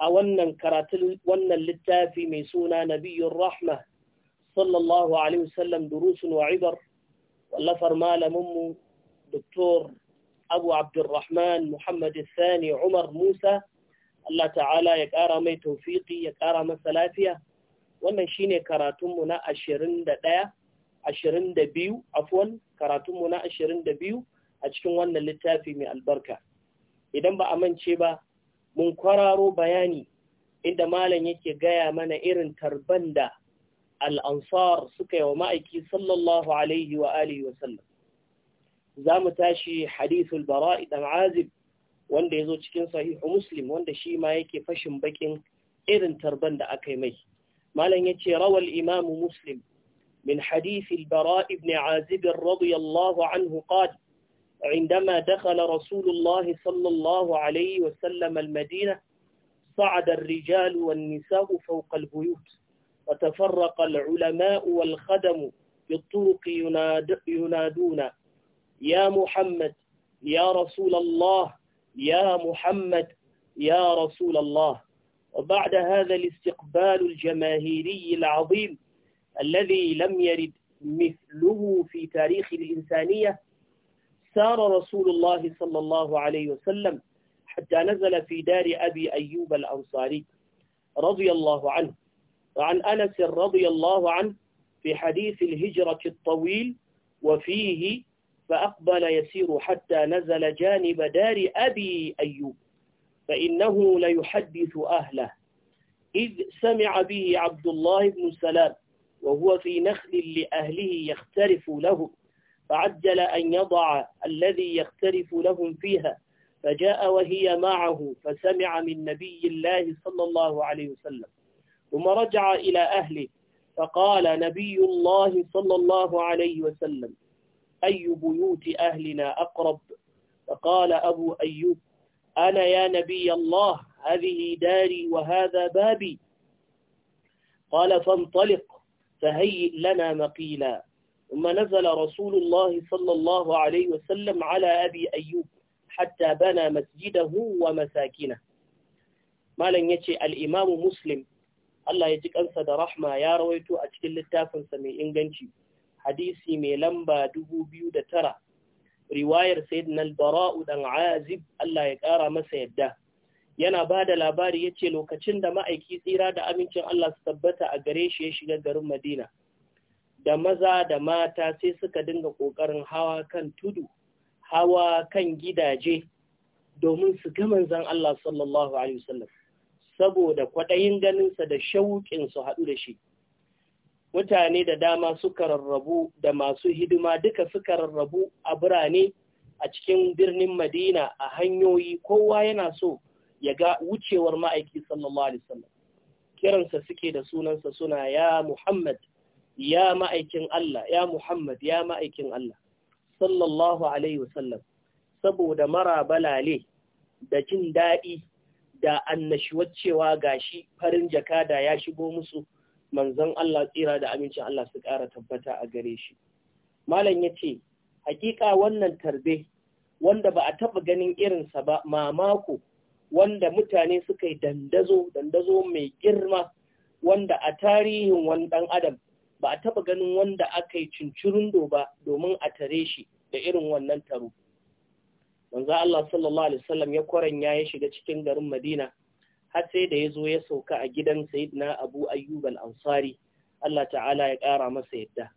a wannan karatun wannan littafi mai suna nabiyyun rahma sallallahu alaihi wasallam durusun wa wallafar malaminmu doktor abu abdurrahman muhammad sani umar musa Allah ta'ala ya ƙara mai taufiƙi ya ƙara masa lafiya wannan shine karatunmu na ashirin da ɗaya ashirin da biyu afwan karatunmu na ashirin da biyu a cikin wannan littafi mai albarka idan ba a mance ba mun kwararo bayani inda malam yake gaya mana irin tarban da al'ansar suka yi wa ma'aiki sallallahu alaihi wa alihi wasallam. Za mu tashi hadithul bara'i ɗan azib wanda ya zo cikin sahihu Muslim wanda shi ma yake fashin bakin irin tarban da aka yi mai. Malam ya ce, Rawal imamu Muslim min hadithul bara'i ibn azibin radiyallahu anhu qadi عندما دخل رسول الله صلى الله عليه وسلم المدينة صعد الرجال والنساء فوق البيوت وتفرق العلماء والخدم بالطرق يناد ينادون يا محمد يا رسول الله يا محمد يا رسول الله وبعد هذا الاستقبال الجماهيري العظيم الذي لم يرد مثله في تاريخ الإنسانية سار رسول الله صلى الله عليه وسلم حتى نزل في دار أبي أيوب الأنصاري رضي الله عنه وعن أنس رضي الله عنه في حديث الهجرة الطويل وفيه فأقبل يسير حتى نزل جانب دار أبي أيوب فإنه ليحدث أهله إذ سمع به عبد الله بن سلام وهو في نخل لأهله يختلف له فعجل أن يضع الذي يختلف لهم فيها فجاء وهي معه فسمع من نبي الله صلى الله عليه وسلم ثم رجع إلى أهله فقال نبي الله صلى الله عليه وسلم أي بيوت أهلنا أقرب فقال أبو أيوب أنا يا نبي الله هذه داري وهذا بابي قال فانطلق فهيئ لنا مقيلا ثم نزل رسول الله صلى الله عليه وسلم على أبي أيوب حتى بنى مسجده ومساكنه ما لن يتي الإمام مسلم الله يجيك أنسى دا رحمة يا رويتو أجل التافن سمي إنغنشي حديثي ميلمبا دبو بيو دا ترى riwayar sayyidina al-bara'u dan azib Allah ya kara masa yadda yana bada labari yace lokacin da ma'aiki tsira da amincin Allah su tabbata a gare shi ya shiga garin Madina da maza da mata sai suka dinga ƙoƙarin hawa kan tudu, hawa kan gidaje domin su ga manzan Allah sallallahu Alaihi wasallam, saboda kwaɗayin ganinsa da shauƙin su haɗu da shi. Mutane da dama suka rarrabu da masu hidima duka suka rarrabu a birane a cikin birnin Madina a hanyoyi kowa yana so ya ga wucewar ma'aiki sallallahu Alaihi wasallam. Kiransa suke da sunansa suna ya Muhammad. ya ma'aikin Allah ya Muhammad ya ma'aikin Allah sallallahu alaihi wasallam saboda mara balale da jin daɗi da annashuwar cewa ga shi farin jaka da ya shigo musu manzon Allah tsira da amincin Allah su ƙara tabbata a gare shi malam ya ce, hakika wannan tarbe wanda ba a taɓa ganin irinsa ba mamako wanda mutane suka yi dandazo dandazo mai girma wanda a tarihin wani ɗan adam ba a taba ganin wanda aka yi cincirin ba domin a tare shi da irin wannan taro manzo Allah sallallahu alaihi wasallam ya kwaranya ya shiga cikin garin Madina har sai da ya zo ya sauka a gidan Sayyidina Abu Ayyub al-Ansari Allah ta'ala ya ƙara masa yadda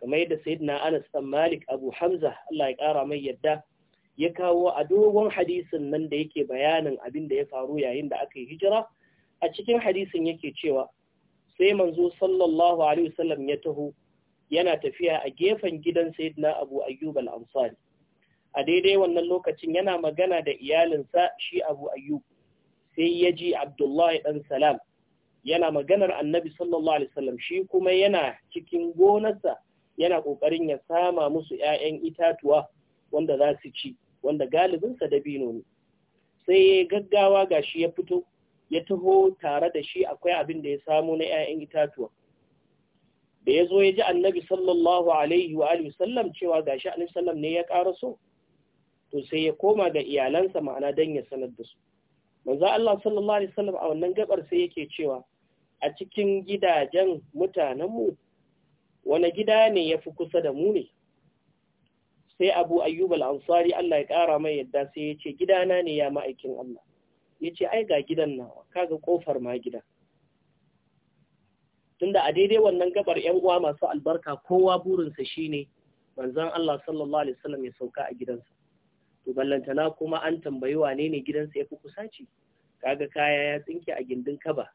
kamar yadda Sayyidina Anas ɗan Malik Abu Hamza Allah ya ƙara mai yadda ya kawo a dogon hadisin nan da yake bayanin abin da ya faru yayin da aka yi hijira a cikin hadisin yake cewa sai manzo sallallahu alaihi wasallam ya taho yana tafiya a gefen gidan sayyidina Abu Ayyub al-Ansari a daidai wannan lokacin yana magana da iyalinsa shi Abu Ayyub sai ya ji Abdullahi dan Salam yana maganar Annabi sallallahu alaihi wasallam shi kuma yana cikin gonarsa yana kokarin ya sama musu ƴaƴan itatuwa wanda za su ci wanda galibinsa dabino ne sai gaggawa gashi ya fito ya taho tare da shi akwai abin da ya samu na 'ya'yan itatuwa da ya zo ya ji annabi sallallahu alaihi wa alihi sallam cewa gashi annabi sallam ne ya ƙara so to sai ya koma ga iyalansa ma'ana dan ya sanar da su manzo Allah sallallahu alaihi Sallam a wannan gabar sai yake cewa a cikin gidajen mutanenmu wani gida ne yafi kusa da mu ne sai abu ayyub al-ansari Allah ya ƙara mai yadda sai ya ce gidana ne ya ma'aikin Allah ya ce ai ga gidan nawa kaga kofar ma gida tunda a daidai wannan gabar yan uwa masu albarka kowa burinsa shine manzon Allah sallallahu alaihi wasallam ya sauka a gidansa to ballantana kuma an tambayi wane ne gidansa yafi kusaci kaga kaya ya tsinke a gindin kaba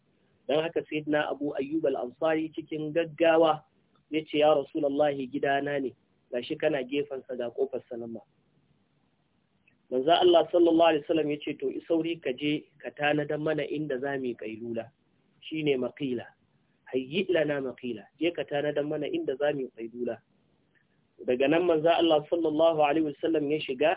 dan haka sayyidina Abu Ayyub al-Ansari cikin gaggawa yace ya Rasulullahi gidana ne gashi kana gefansa ga kofar ma. manzo Allah sallallahu alaihi wasallam yace to isauri ka je ka tanada mana inda za kailula shine maqila hayyi lana maqila je ka tanada mana inda za kailula daga nan manzo Allah sallallahu alaihi wasallam ya shiga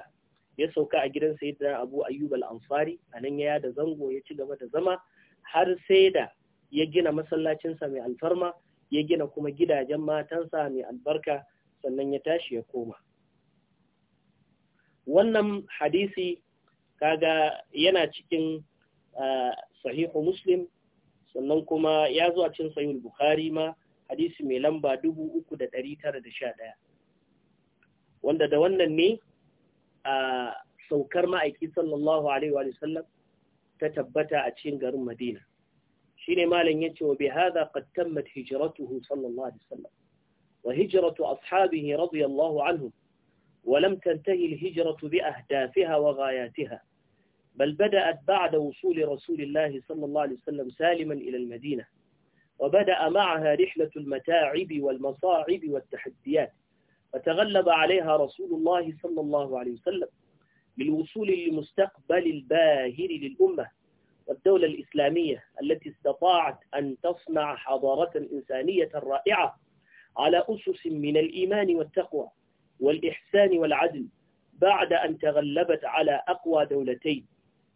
ya sauka a gidan sayyidina Abu Ayyub al-Ansari anan ya da zango ya ci gaba da zama har sai da ya gina masallacinsa mai alfarma ya gina kuma gidajen matansa mai albarka sannan ya tashi ya koma wannan hadisi kaga yana cikin sahihu muslim sannan kuma ya zo a cikin sahihul bukhari ma hadisi mai lamba 3911 wanda da wannan ne a saukar ma'aiki sallallahu alaihi wa sallam ta tabbata a cikin garin madina shine malam yace wa bi hadha qad tammat hijratuhu sallallahu alaihi wa sallam wa hijratu ashabihi radiyallahu anhum ولم تنتهي الهجرة بأهدافها وغاياتها بل بدأت بعد وصول رسول الله صلى الله عليه وسلم سالما إلى المدينة وبدأ معها رحلة المتاعب والمصاعب والتحديات فتغلب عليها رسول الله صلى الله عليه وسلم بالوصول للمستقبل الباهر للأمة والدولة الإسلامية التي استطاعت أن تصنع حضارة إنسانية رائعة على أسس من الإيمان والتقوى wal والإحسان والعدل بعد أن تغلبت على أقوى دولتين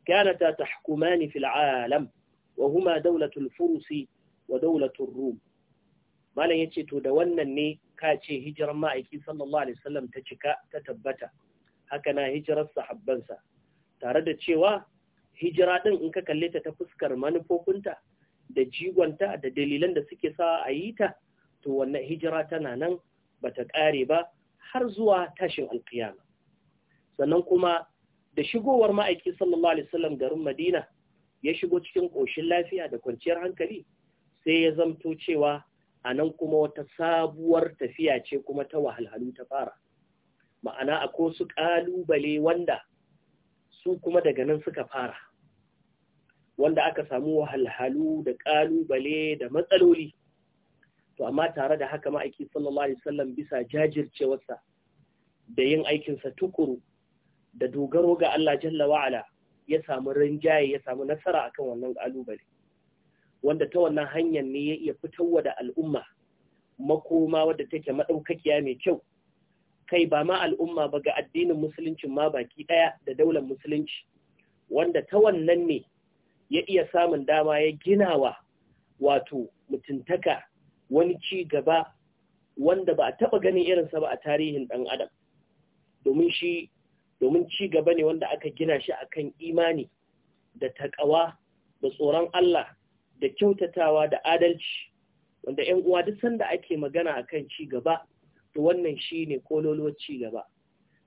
كانتا تحكمان في العالم وهما furusi wa ودولة الروم malam ya ce to da wannan ne kace ce hijirar ma'aiki sallallahu alaihi ta cika ta tabbata haka na hijirar sahabbansa tare da cewa hijira din in ka kalli ta ta fuskar manufofinta da jigonta da dalilan da suke sawa a yi ta to wannan hijira tana nan bata kare ba har zuwa tashin alkiyama sannan kuma da shigowar ma'aiki sallallahu alaihi wasallam garin Madina ya shigo cikin ƙoshin lafiya da kwanciyar hankali sai ya zamto cewa a nan kuma wata sabuwar tafiya ce kuma ta wahalhalu ta fara ma'ana akwai su ƙalubale wanda su kuma daga nan suka fara wanda aka samu wahalhalu da ƙalubale da matsaloli to amma tare da haka ma'aiki sallallahu alaihi wasallam bisa jajircewarsa da yin aikinsa tukuru da dogaro ga Allah jalla wa'ala ya samu rinjaye ya samu nasara akan wannan kalubale wanda ta wannan hanyar ne ya iya fitowa da al'umma makoma wadda take madaukakiya mai kyau kai ba ma al'umma ba ga addinin musulunci ma baki daya da daular musulunci wanda ta wannan ne ya iya samun dama ya ginawa wato mutuntaka wani ci gaba wanda ba a taɓa ganin irinsa ba a tarihin ɗan adam domin shi domin ci gaba ne wanda aka gina shi akan imani da taƙawa da tsoron Allah da kyautatawa da adalci wanda ‘yan uwa duk sanda ake magana akan ci gaba to wannan shi ne kololo ci gaba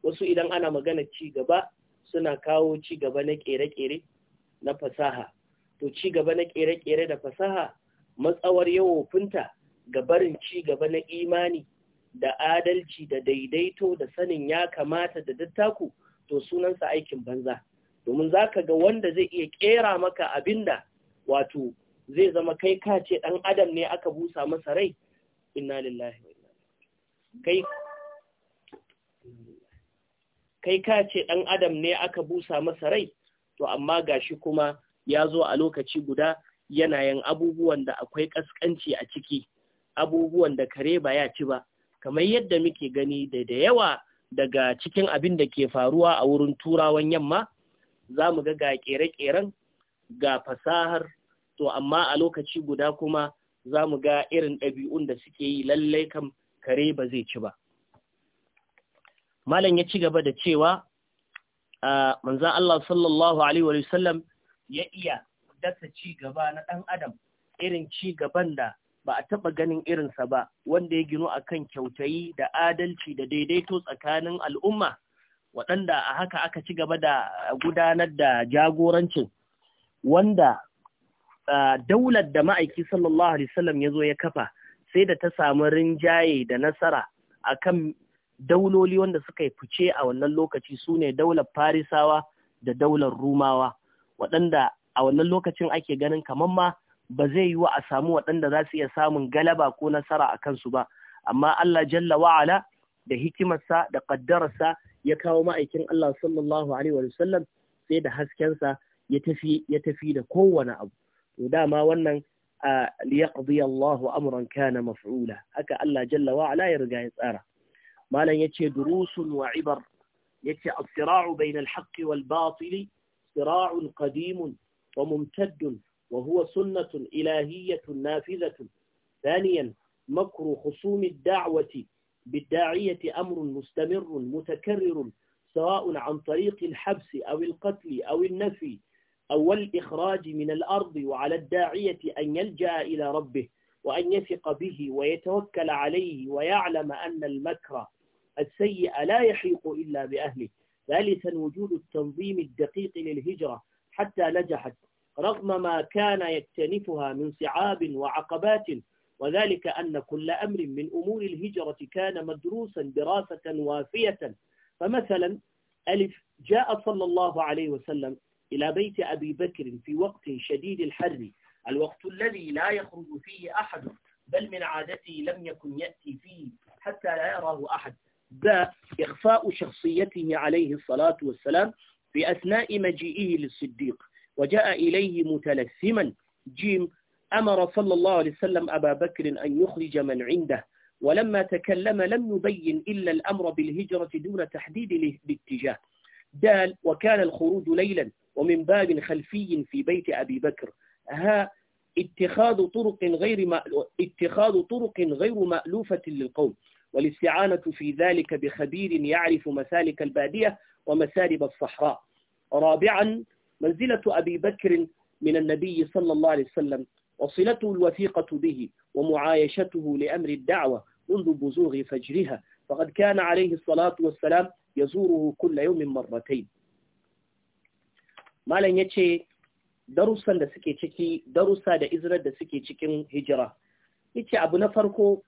wasu idan ana magana ci gaba suna kawo ci gaba na ƙere-ƙere na fasaha to ci gaba na ƙere-ƙere da fasaha matsawar yawo yawofinta ga barin ci gaba na imani da adalci da daidaito da sanin ya kamata da dattaku to sunansa aikin banza domin za ka ga wanda zai iya kera maka abinda wato zai zama kai ka ce ɗan adam ne aka busa masa rai inna lillahi kai kai ka ce ɗan adam ne aka busa masa rai to amma gashi kuma ya zo a lokaci guda yanayin abubuwan da akwai ƙasƙanci a ciki abubuwan da kare ba ya ci ba kamar yadda muke gani da da yawa daga cikin abin da ke faruwa a wurin turawan yamma za mu ga ga ƙere-ƙeren ga fasahar to amma a lokaci guda kuma za mu ga irin ɗabi'un da suke yi lallai kam kare ba zai ci ba malam ya ci gaba da cewa manzan Allah sallallahu alaihi wa ya iya dasa ci gaba na ɗan adam irin ci gaban da ba a taɓa ganin irinsa ba wanda ya gino a kan kyautayi da adalci da daidaito tsakanin al'umma waɗanda a haka aka ci gaba da gudanar da jagorancin wanda daular da ma'aiki sallallahu alaihi wasallam ya zo ya kafa sai da ta samu rinjaye da nasara akan dauloli wanda suka yi fice a wannan lokaci su ne daular farisawa da daular rumawa waɗanda a wannan lokacin ake ganin kamar ma ba zai wa a samu waɗanda za su iya samun galaba ko nasara a kansu ba amma Allah jalla wa'ala da hikimarsa da ƙaddararsa ya kawo ma'aikin Allah sallallahu alaihi wa sallam sai da haskensa ya tafi ya tafi da kowane abu to dama wannan liyaqdi Allahu amuran kana maf'ula haka Allah jalla wa'ala ya riga ya tsara malam yace durusun wa ibar yace a sirau bainal al wal-batili sira'un qadimun mumtaddun. وهو سنة إلهية نافذة ثانيا مكر خصوم الدعوة بالداعية أمر مستمر متكرر سواء عن طريق الحبس أو القتل أو النفي أو الإخراج من الأرض وعلى الداعية أن يلجأ إلى ربه وأن يثق به ويتوكل عليه ويعلم أن المكر السيء لا يحيق إلا بأهله ثالثا وجود التنظيم الدقيق للهجرة حتى نجحت رغم ما كان يكتنفها من صعاب وعقبات وذلك أن كل أمر من أمور الهجرة كان مدروسا دراسة وافية فمثلا ألف جاء صلى الله عليه وسلم إلى بيت أبي بكر في وقت شديد الحر الوقت الذي لا يخرج فيه أحد بل من عادته لم يكن يأتي فيه حتى لا يراه أحد باء إخفاء شخصيته عليه الصلاة والسلام في أثناء مجيئه للصديق وجاء إليه متلثما جيم أمر صلى الله عليه وسلم أبا بكر أن يخرج من عنده ولما تكلم لم يبين إلا الأمر بالهجرة دون تحديد الاتجاه دال وكان الخروج ليلا ومن باب خلفي في بيت أبي بكر ها اتخاذ طرق غير اتخاذ طرق غير مألوفة للقوم والاستعانة في ذلك بخبير يعرف مسالك البادية ومسارب الصحراء رابعا منزلة أبي بكر من النبي صلى الله عليه وسلم وصلته الوثيقة به ومعايشته لأمر الدعوة منذ بزوغ فجرها فقد كان عليه الصلاة والسلام يزوره كل يوم مرتين ما لن يتشي درسا دا سكي تشكي درسا دا إزرا دا سكي تشكي هجرة يتشي أبو نفركو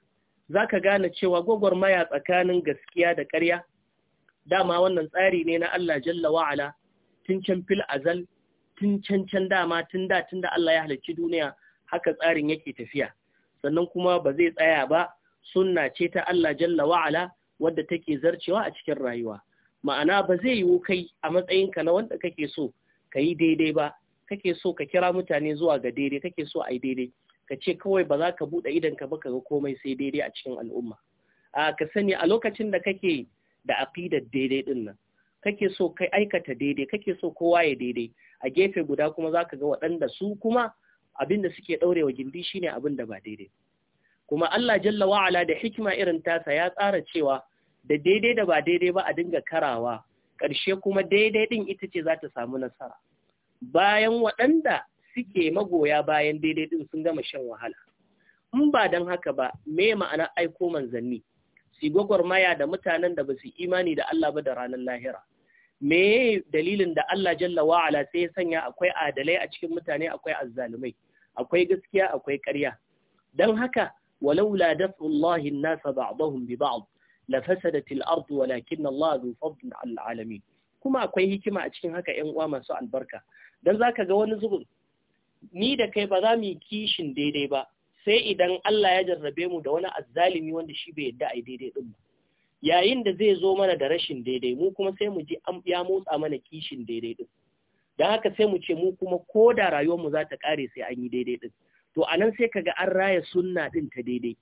ذاك قانا تشي وقوغور ما يتأكان قسكيا دا كريا داما وانا نتاري نينا ألا جل وعلا tun can fil azal tun can can dama tun da tun da Allah ya halicci duniya haka tsarin yake tafiya sannan kuma ba zai tsaya ba sunna ce ta Allah jalla wa'ala wadda take zarcewa a cikin rayuwa ma'ana ba zai yiwu kai a matsayinka na wanda kake so ka yi daidai ba kake so ka kira mutane zuwa ga daidai kake so a daidai ka ce kawai ba za ka buɗe idonka ba ka ga komai sai daidai a cikin al'umma a ka sani a lokacin da kake da aƙidar daidai dinnan. kake so kai aikata daidai kake so kowa ya daidai a gefe guda kuma za ka ga waɗanda su kuma abin da suke ɗaure wa gindi ne abin da ba daidai kuma Allah jalla wa'ala da hikima irin tasa ya tsara cewa da daidai da ba daidai ba a dinga karawa ƙarshe kuma daidai ɗin ita ce za ta samu nasara bayan waɗanda suke magoya bayan daidai ɗin sun gama shan wahala in ba don haka ba me ma'ana aiko manzanni su gwagwarmaya da mutanen da ba su imani da Allah ba da ranar lahira me dalilin da Allah jalla wa ala sai ya sanya akwai adalai a cikin mutane akwai azzalumai akwai gaskiya akwai ƙarya dan haka walaula daf'ullahi an ba'dahum bi ba'd lafasadatil ardu walakin Allah zu fadlin 'alamin kuma akwai hikima a cikin haka ƴan uwa masu albarka dan zaka ga wani zubin ni da kai ba za mu yi kishin daidai ba sai idan Allah ya jarrabe mu da wani azzalimi wanda shi bai yadda a yi daidai din mu. yayin da zai zo mana da rashin daidai mu kuma sai mu ji ya motsa mana kishin daidai ɗin don haka sai mu ce mu kuma ko da rayuwar mu za ta kare sai an yi daidai ɗin to a nan sai kaga an raya sunna din ta daidai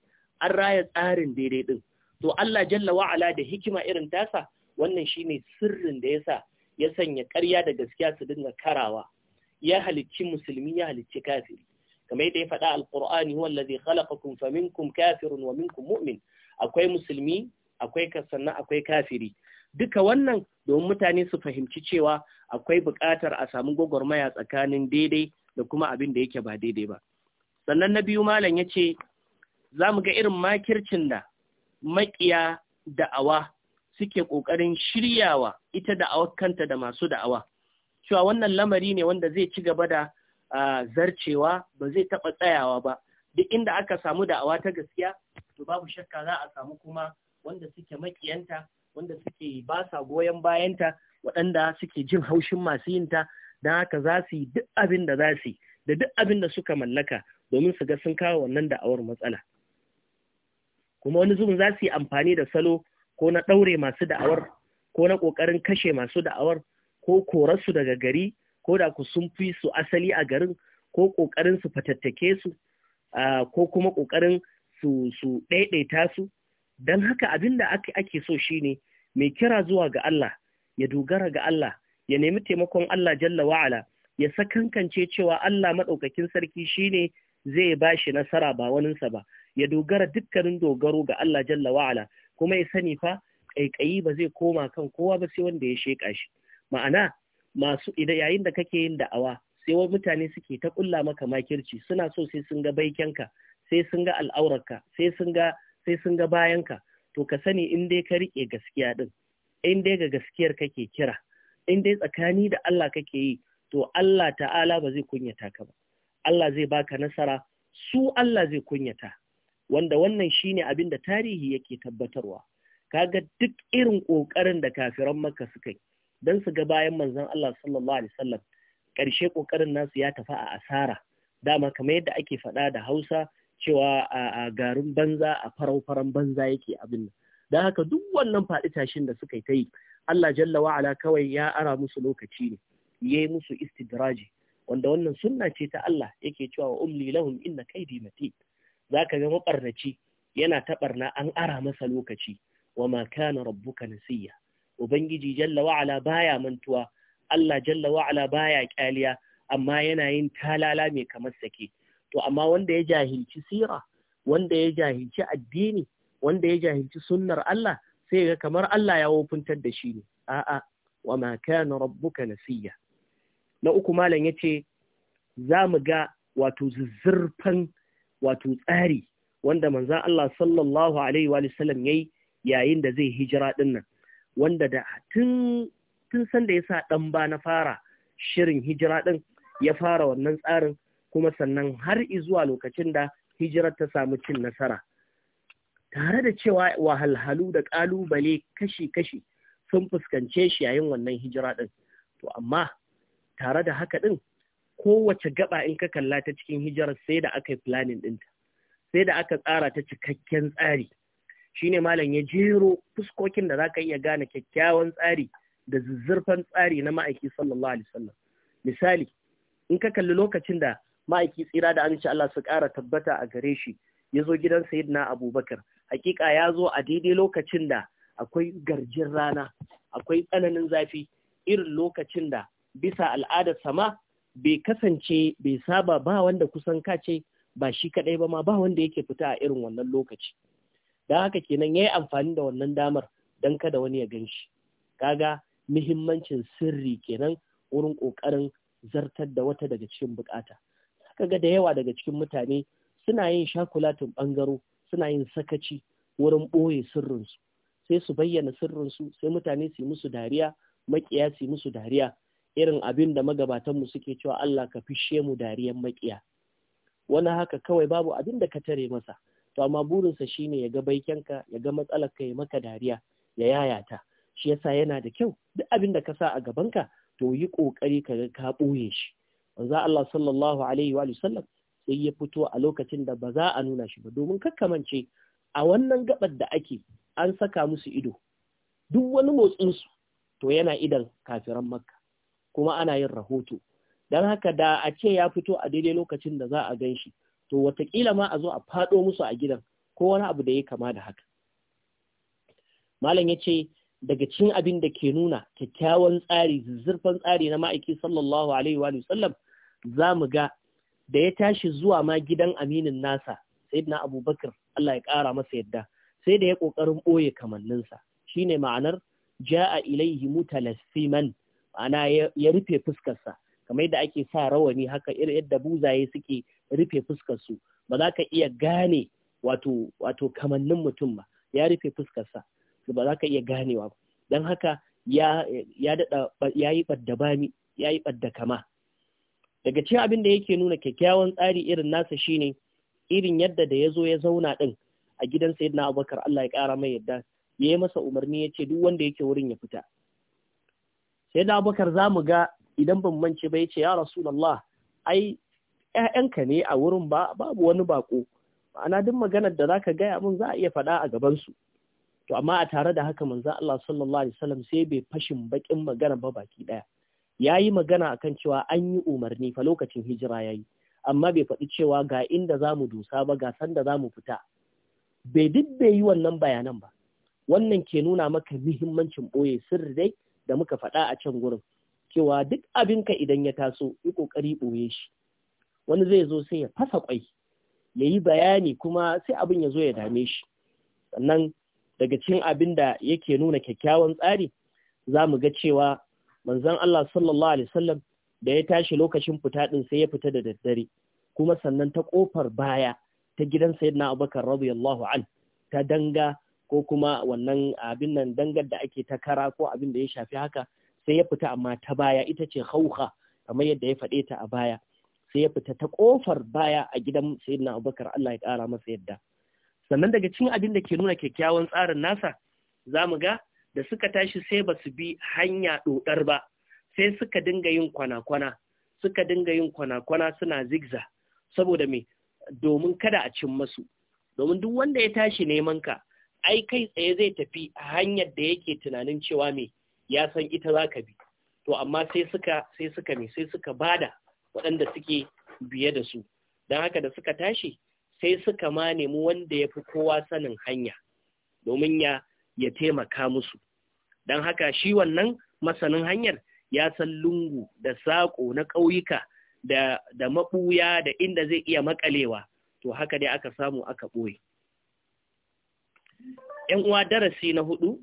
an raya tsarin daidai ɗin to Allah jalla Wa'ala da hikima irin tasa wannan shine sirrin da yasa ya sanya ƙarya da gaskiya su dinga karawa ya halicci musulmi ya halicci kafiri kamar yadda ya faɗa Alƙur'ani huwa allazi khalaqakum faminkum kafirun wa minkum mu'min akwai musulmi akwai sannan akwai kafiri duka wannan domin mutane su fahimci cewa akwai buƙatar a samu gwagwarmaya tsakanin daidai da kuma abin da yake ba daidai ba sannan na biyu malam ya ce za mu ga irin makircin da maƙiya da'awa suke ƙoƙarin shiryawa ita da'awar kanta da masu da'awa cewa wannan lamari ne wanda zai ci gaba da zarcewa ba zai taɓa tsayawa ba duk inda aka samu da'awa ta gaskiya to babu shakka za a samu kuma wanda suke makiyanta wanda suke ba sa goyon bayanta waɗanda suke jin haushin masu yinta don haka za su yi duk abin da za su yi da duk abin da suka mallaka domin su ga sun kawo wannan da'awar matsala kuma wani zubin za su yi amfani da salo ko na ɗaure masu da'awar ko na ƙoƙarin kashe masu da'awar ko korarsu daga gari ko da ku sun fi su asali a garin ko ƙoƙarin su fatattake su ko kuma ƙoƙarin su su ɗaiɗaita su don haka abin da ake so shine mai kira zuwa ga Allah ya dogara ga Allah ya nemi taimakon Allah jalla wa'ala ya sakankance cewa Allah maɗaukakin sarki shine zai ba shi nasara ba waninsa ba ya dogara dukkanin dogaro ga Allah jalla wa'ala kuma ya sani fa ƙaiƙayi ba zai koma kan kowa ba sai wanda ya sheƙa shi ma'ana masu ida yayin da kake yin da'awa sai wani mutane suke ta kulla maka makirci suna so sai sun ga baikenka sai sun ga al'aurarka sai sun ga sai sun ga bayanka to ka sani in dai ka rike gaskiya din in dai ga gaskiyar kake kira in dai tsakani da Allah kake yi to Allah ta'ala ba zai kunyata ka ba Allah zai baka nasara su Allah zai kunyata wanda wannan shine abin da tarihi yake tabbatarwa kaga duk irin kokarin da kafiran Makka suka yi don su ga bayan manzon Allah sallallahu alaihi wasallam ƙarshe ƙoƙarin nasu ya tafi a asara dama kamar yadda ake faɗa da Hausa cewa a garin banza a farau faran banza yake abin nan don haka duk wannan faɗi tashin da suka yi ta yi Allah jalla Ala kawai ya ara musu lokaci ne yayi musu istidraji wanda wannan sunna ce ta Allah yake cewa wa umli lahum inna kaidi matin zaka ga mabarnaci yana ta barna an ara masa lokaci wa ma kana rabbuka nasiya Ubangiji Jalla wa'ala baya mantuwa, Allah Jalla wa'ala baya ƙyaliya, amma yana yin talala mai kamar sake. To, amma wanda ya jahilci sira, wanda ya jahilci addini, wanda ya jahilci sunnar Allah, sai ga kamar Allah ya wofintar da shi ne. A'a, wa ma rabbuka nasiya. Na uku malam ya ce, za mu ga wato zuzzurfan wato tsari wanda manzan Allah sallallahu Alaihi wa sallam yayin da zai hijira ɗinnan. wanda da tun tun san da ya sa ɗan ba na fara shirin hijira ɗin ya fara wannan tsarin kuma sannan har izuwa lokacin da hijirar ta samu cin nasara tare da cewa wahalhalu da ƙalubale kashi-kashi sun fuskance shi yayin wannan hijira ɗin to amma tare da haka ɗin kowace gaba in ka kalla ta cikin hijirar sai da aka yi planning ɗinta sai da aka tsara ta cikakken tsari shine malam ya jero fuskokin da zaka iya gane kyakkyawan tsari da zuzzurfan tsari na ma'aiki sallallahu alaihi wasallam misali in ka kalli lokacin da ma'aiki tsira da amince Allah su ƙara tabbata a gare shi ya zo gidan sayyidina abubakar hakika ya zo a daidai lokacin da akwai garjin rana akwai tsananin zafi irin lokacin da bisa al'ada sama bai kasance bai saba ba wanda kusan kace ba shi kadai ba ma ba wanda yake fita a irin wannan lokaci don haka kenan ya yi amfani da wannan damar don kada wani ya gan shi kaga muhimmancin sirri kenan wurin ƙoƙarin zartar da wata daga cikin bukata ga da yawa daga cikin mutane suna yin shakulatin ɓangaro suna yin sakaci wurin ɓoye sirrinsu sai su bayyana sirrinsu sai mutane su yi musu dariya maƙiya su yi musu dariya irin abin da magabatanmu suke cewa Allah ka fishe mu dariyan makiya wani haka kawai babu abin da ka tare masa to amma burinsa shine ya ga baikenka ya ga ka ya maka dariya ya yayata shi yasa yana da kyau duk abin da ka sa a gabanka to yi kokari ka ka boye shi manzo Allah sallallahu alaihi wa sallam sai ya fito a lokacin da ba za a nuna shi ba domin kakkamance a wannan gabar da ake an saka musu ido duk wani motsin su to yana idan kafiran makka kuma ana yin rahoto dan haka da a ce ya fito a daidai lokacin da za a gan shi to watakila ma a zo a faɗo musu a gidan ko wani abu da ya kama da haka malam ya ce daga cikin abin da ke nuna kyakkyawan tsari zurfan tsari na ma'aiki sallallahu alaihi wa sallam za mu ga da ya tashi zuwa ma gidan aminin nasa sayyidina abubakar Allah ya ƙara masa yadda sai da ya ƙoƙarin ɓoye kamanninsa shine ma'anar ja'a ilaihi mutalassiman ma'ana ya rufe fuskarsa kamar yadda ake sa rawani haka irin yadda buzaye suke rufe fuskar su ba za ka iya gane wato wato kamannin mutum ba ya rufe fuskarsa ba za ka iya ganewa ba don haka ya dada ya yi badda bami ya yi badda kama daga cikin abin da yake nuna kyakkyawan tsari irin nasa shine irin yadda da ya zo ya zauna din a gidan sayyidina abubakar Allah ya kara mai yadda ya yi masa umarni ya ce duk wanda yake wurin ya fita sayyidina abubakar za mu ga idan ban mance ba ya ce ya rasulullah ai ƴaƴanka ne a wurin ba babu wani bako ma'ana duk maganar da zaka gaya mun za a iya faɗa a gaban su to amma a tare da haka manzo Allah sallallahu alaihi wasallam sai bai fashin bakin magana ba baki daya yayi magana akan cewa an yi umarni fa lokacin hijira yayi amma bai faɗi cewa ga inda zamu dusa ba ga sanda zamu fita bai duk bai yi wannan bayanan ba wannan ke nuna maka muhimmancin ɓoye sirri dai da muka faɗa a can gurin cewa duk abinka idan ya taso yi ƙoƙari ɓoye shi wani zai zo sai ya fasa kwai ya yi bayani kuma sai abin ya zo ya dame shi sannan daga cin abin da yake nuna kyakkyawan tsari za mu ga cewa manzon Allah sallallahu alaihi wasallam da ya tashi lokacin fita ɗin sai ya fita da daddare kuma sannan ta ƙofar baya ta gidan sayyidina Abubakar radiyallahu an ta danga ko kuma wannan abin nan dangar da ake ta kara ko abin da ya shafi haka sai ya fita amma ta baya ita ce hauka kamar yadda ya faɗe ta a baya sai ya fita ta kofar baya a gidan sayyidina abubakar Allah ya kara masa yadda sannan daga cikin abin da ke nuna kyakkyawan tsarin nasa za mu ga da suka tashi sai ba su bi hanya dodar ba sai suka dinga yin kwana-kwana suka dinga yin kwana-kwana suna zigza saboda me domin kada a cin masu domin duk wanda ya tashi neman ka ai kai tsaye zai tafi hanyar da yake tunanin cewa me ya san ita za ka bi to amma sai suka sai suka me sai suka bada waɗanda suke biye da su don haka da suka tashi sai suka ma nemi wanda ya fi kowa sanin hanya domin ya ya taimaka musu don haka shi wannan masanin hanyar ya san lungu da saƙo na ƙauyuka da, maɓuya da inda zai iya makalewa to haka dai aka samu aka ɓoye ‘yan uwa darasi na hudu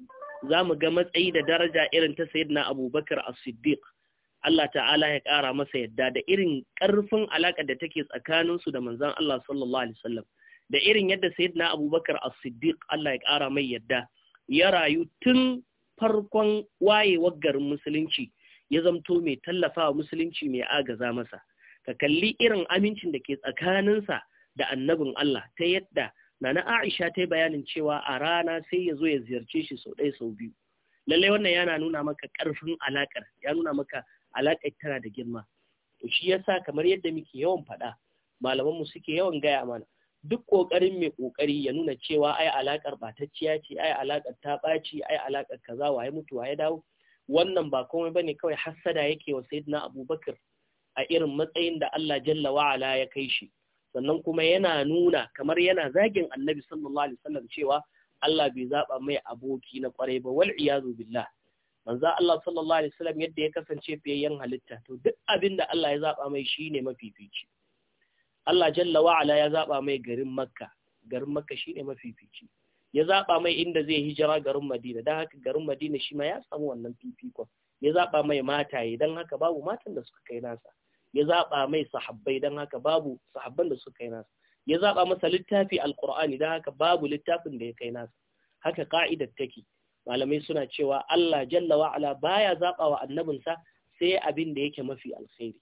za mu ga matsayi da daraja irin ta sayid na abubakar as-siddiq Allah ta'ala ya ƙara masa yadda da irin ƙarfin alaƙa da take tsakaninsu da manzan Allah sallallahu Alaihi wasallam da irin yadda Sayyidina Abubakar as-Siddiq Allah ya ƙara mai yadda ya rayu tun farkon wayewar garin musulunci ya zamto mai tallafa wa musulunci mai agaza masa ka kalli irin amincin da ke tsakaninsa da annabin Allah ta yadda Nana Aisha ta yi bayanin cewa a rana sai ya zo ya ziyarce shi sau ɗaya sau biyu lallai wannan yana nuna maka ƙarfin alaƙar ya nuna maka alaƙar tana da girma to shi yasa kamar yadda muke yawan faɗa malaman mu suke yawan gaya mana duk ƙoƙarin mai ƙoƙari ya nuna cewa ai alaƙar batacciya ce ai alaƙar ta ɓaci ai alaƙar kaza waye mutu ya dawo wannan ba komai bane kawai hassada yake wa sayyidina abubakar a irin matsayin da Allah jalla wa'ala ya kai shi sannan kuma yana nuna kamar yana zagin annabi sallallahu alaihi wasallam cewa Allah bai zaba mai aboki na kwarai ba wal iyazu billah manzo Allah sallallahu alaihi wasallam yadda ya kasance fiyayyen halitta to duk abin da Allah ya zaba mai shine mafifici Allah jalla wa ala ya zaba mai garin Makka garin Makka shine mafifici ya zaba mai inda zai hijira garin Madina dan haka garin Madina shi ma ya samu wannan fifikon ya zaba mai mataye dan haka babu matan da suka kai nasa ya zaba mai sahabbai dan haka babu sahabban da suka kai nasa ya zaba masa littafi alqur'ani dan haka babu littafin da ya kai nasa haka ka'idar take malamai suna cewa Allah jalla ala baya zaɓa wa annabinsa sai abin da yake mafi alkhairi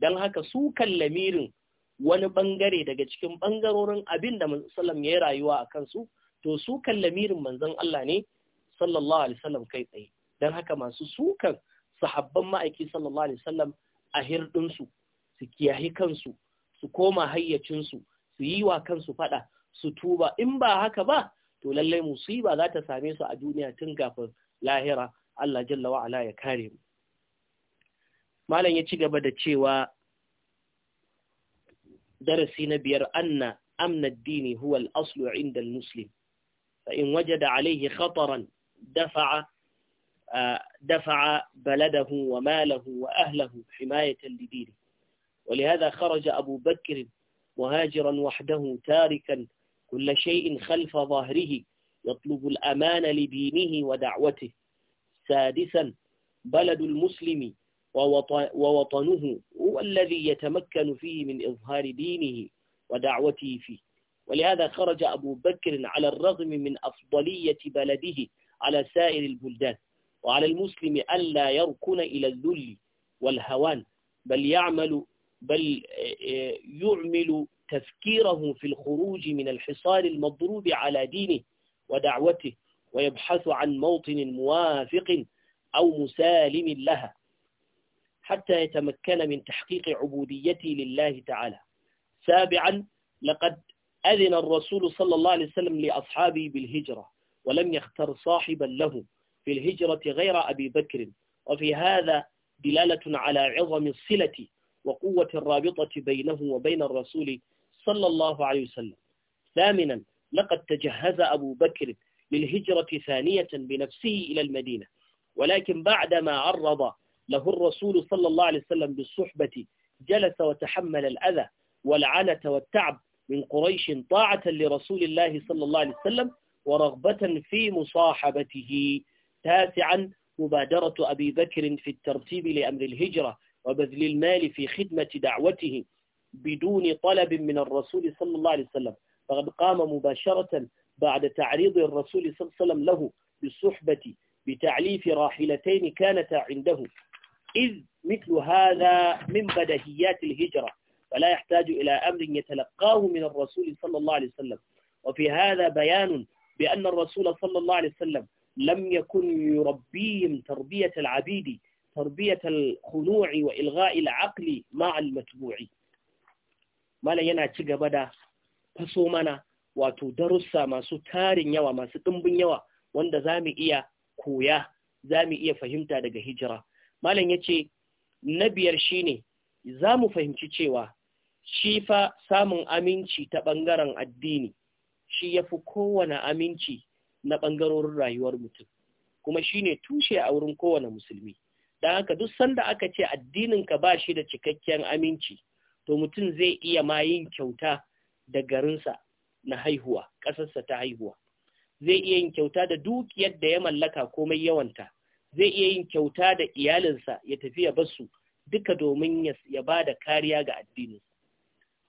dan haka su lamirin wani ɓangare daga cikin ɓangarorin abin da sallam ya rayuwa a kansu to su lamirin manzon Allah ne sallallahu alaihi wasallam kai tsaye dan haka masu sukan sahabban ma'aiki sallallahu alaihi wasallam a hirɗinsu su kiyaye kansu su koma hayyacinsu su yi wa kansu faɗa su tuba in ba haka ba to lallai musiba za ta same su a duniya tun gafin lahira Allah jalla wa ala ya kare mu malam ya ci gaba da cewa darasi na biyar anna amna ad-dini huwa al-aslu 'inda al-muslim fa in wajada alayhi khataran dafa'a دفع بلده وماله وأهله حماية لدينه ولهذا خرج أبو بكر مهاجرا وحده تاركا كل شيء خلف ظهره يطلب الأمان لدينه ودعوته سادسا بلد المسلم ووطنه هو الذي يتمكن فيه من إظهار دينه ودعوته فيه ولهذا خرج أبو بكر على الرغم من أفضلية بلده على سائر البلدان وعلى المسلم ألا يركن إلى الذل والهوان بل يعمل بل يعمل تفكيره في الخروج من الحصار المضروب على دينه ودعوته ويبحث عن موطن موافق أو مسالم لها حتى يتمكن من تحقيق عبوديته لله تعالى سابعا لقد أذن الرسول صلى الله عليه وسلم لأصحابه بالهجرة ولم يختر صاحبا له في الهجرة غير أبي بكر وفي هذا دلالة على عظم الصلة وقوة الرابطة بينه وبين الرسول صلى الله عليه وسلم ثامنا لقد تجهز أبو بكر للهجرة ثانية بنفسه إلى المدينة ولكن بعدما عرض له الرسول صلى الله عليه وسلم بالصحبة جلس وتحمل الأذى والعنة والتعب من قريش طاعة لرسول الله صلى الله عليه وسلم ورغبة في مصاحبته تاسعا مبادرة أبي بكر في الترتيب لأمر الهجرة وبذل المال في خدمة دعوته بدون طلب من الرسول صلى الله عليه وسلم فقد قام مباشرة بعد تعريض الرسول صلى الله عليه وسلم له بالصحبة بتعليف راحلتين كانتا عنده إذ مثل هذا من بدهيات الهجرة فلا يحتاج إلى أمر يتلقاه من الرسول صلى الله عليه وسلم وفي هذا بيان بأن الرسول صلى الله عليه وسلم لم يكن يربيهم تربية العبيد تربية الخنوع وإلغاء العقل مع المتبوع malam yana ci gaba da faso mana wato darussa masu tarin yawa masu ɗimbin yawa wanda za mu iya koya za mu iya fahimta daga hijira malam ya ce na biyar shi ne za mu fahimci cewa shi fa samun aminci ta ɓangaren addini shi ya fi kowane aminci na ɓangarorin rayuwar mutum kuma shi ne tushe a wurin kowane musulmi don haka duk sanda aka ce addininka ba shi da cikakken aminci to mutum zai iya ma yin kyauta da garinsa na haihuwa ƙasarsa ta haihuwa zai iya yin kyauta da dukiyar da ya mallaka komai yawanta zai iya yin kyauta da iyalinsa ya tafi ya basu duka domin ya ba da kariya ga addini.